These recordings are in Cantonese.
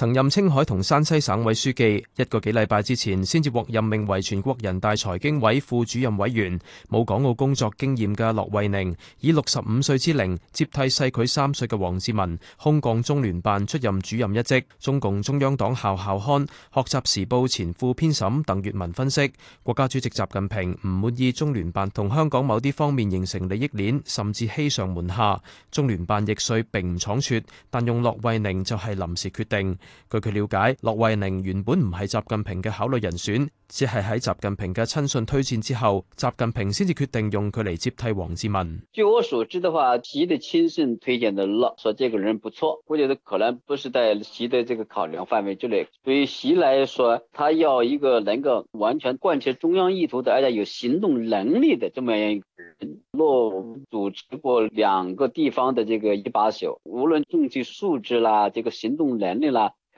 曾任青海同山西省委書記，一個幾禮拜之前先至獲任命為全國人大財經委副主任委員。冇港澳工作經驗嘅駱惠寧，以六十五歲之齡接替細佢三歲嘅王志民，空降中聯辦出任主任一職。中共中央黨校校刊《學習時報》前副編審鄧聿文分析：國家主席習近平唔滿意中聯辦同香港某啲方面形成利益鏈，甚至欺上瞞下。中聯辦易帥並唔倉促，但用駱惠寧就係臨時決定。據佢了解，駱惠寧原本唔係習近平嘅考慮人選，只係喺習近平嘅親信推薦之後，習近平先至決定用佢嚟接替王志民。據我所知的話，習的親信推薦的駱，說這個人不錯，我覺得可能不是在習的這個考量範圍之內。對於習來說，他要一個能夠完全貫徹中央意圖的，而且有行動能力的這麼樣一個人。駱組織過兩個地方的這個一把手，無論政治素質啦，這個行動能力啦。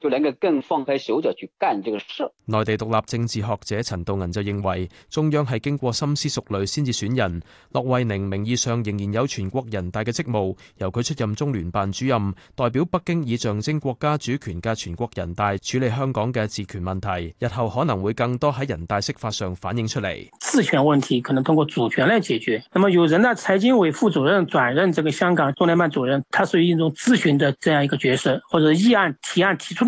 就能夠更放開手腳去幹這個事。內地獨立政治學者陳道銀就認為，中央係經過深思熟慮先至選人。駱惠寧名義上仍然有全國人大嘅職務，由佢出任中聯辦主任，代表北京以象徵國家主權嘅全國人大處理香港嘅治權問題。日後可能會更多喺人大釋法上反映出嚟。治權問題可能通過主權來解決。那麼由人大財經委副主任轉任這個香港中聯辦主任，他屬於一種諮詢的這樣一個角色，或者議案提案提出。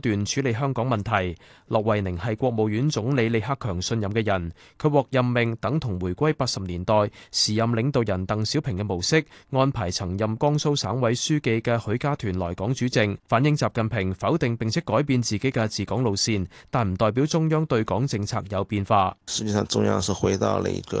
段處理香港問題，駱惠寧係國務院總理李克強信任嘅人，佢獲任命等同回歸八十年代時任領導人鄧小平嘅模式，安排曾任江蘇省委書記嘅許家屯來港主政，反映習近平否定並且改變自己嘅治港路線，但唔代表中央對港政策有變化。實際上，中央是回到了、那、一個。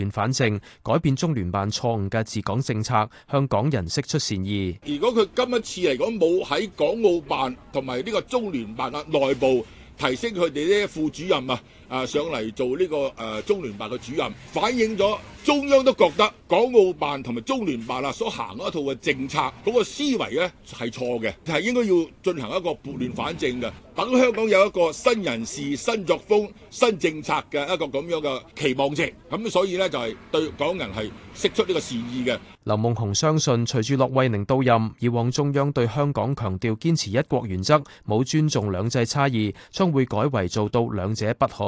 反正改變中聯辦錯誤嘅治港政策，向港人釋出善意。如果佢今一次嚟講，冇喺港澳辦同埋呢個中聯辦啊內部提升佢哋呢副主任啊。啊，上嚟做呢個誒中聯辦嘅主任，反映咗中央都覺得港澳辦同埋中聯辦所行嗰一套嘅政策，嗰、嗰個思維咧係錯嘅，係應該要進行一個撥亂反正嘅，等香港有一個新人事、新作風、新政策嘅一個咁樣嘅期望值。咁所以呢，就係對港人係釋出呢個善意嘅。劉夢熊相信，隨住駱惠寧到任，以往中央對香港強調堅持一國原則，冇尊重兩制差異，將會改為做到兩者不可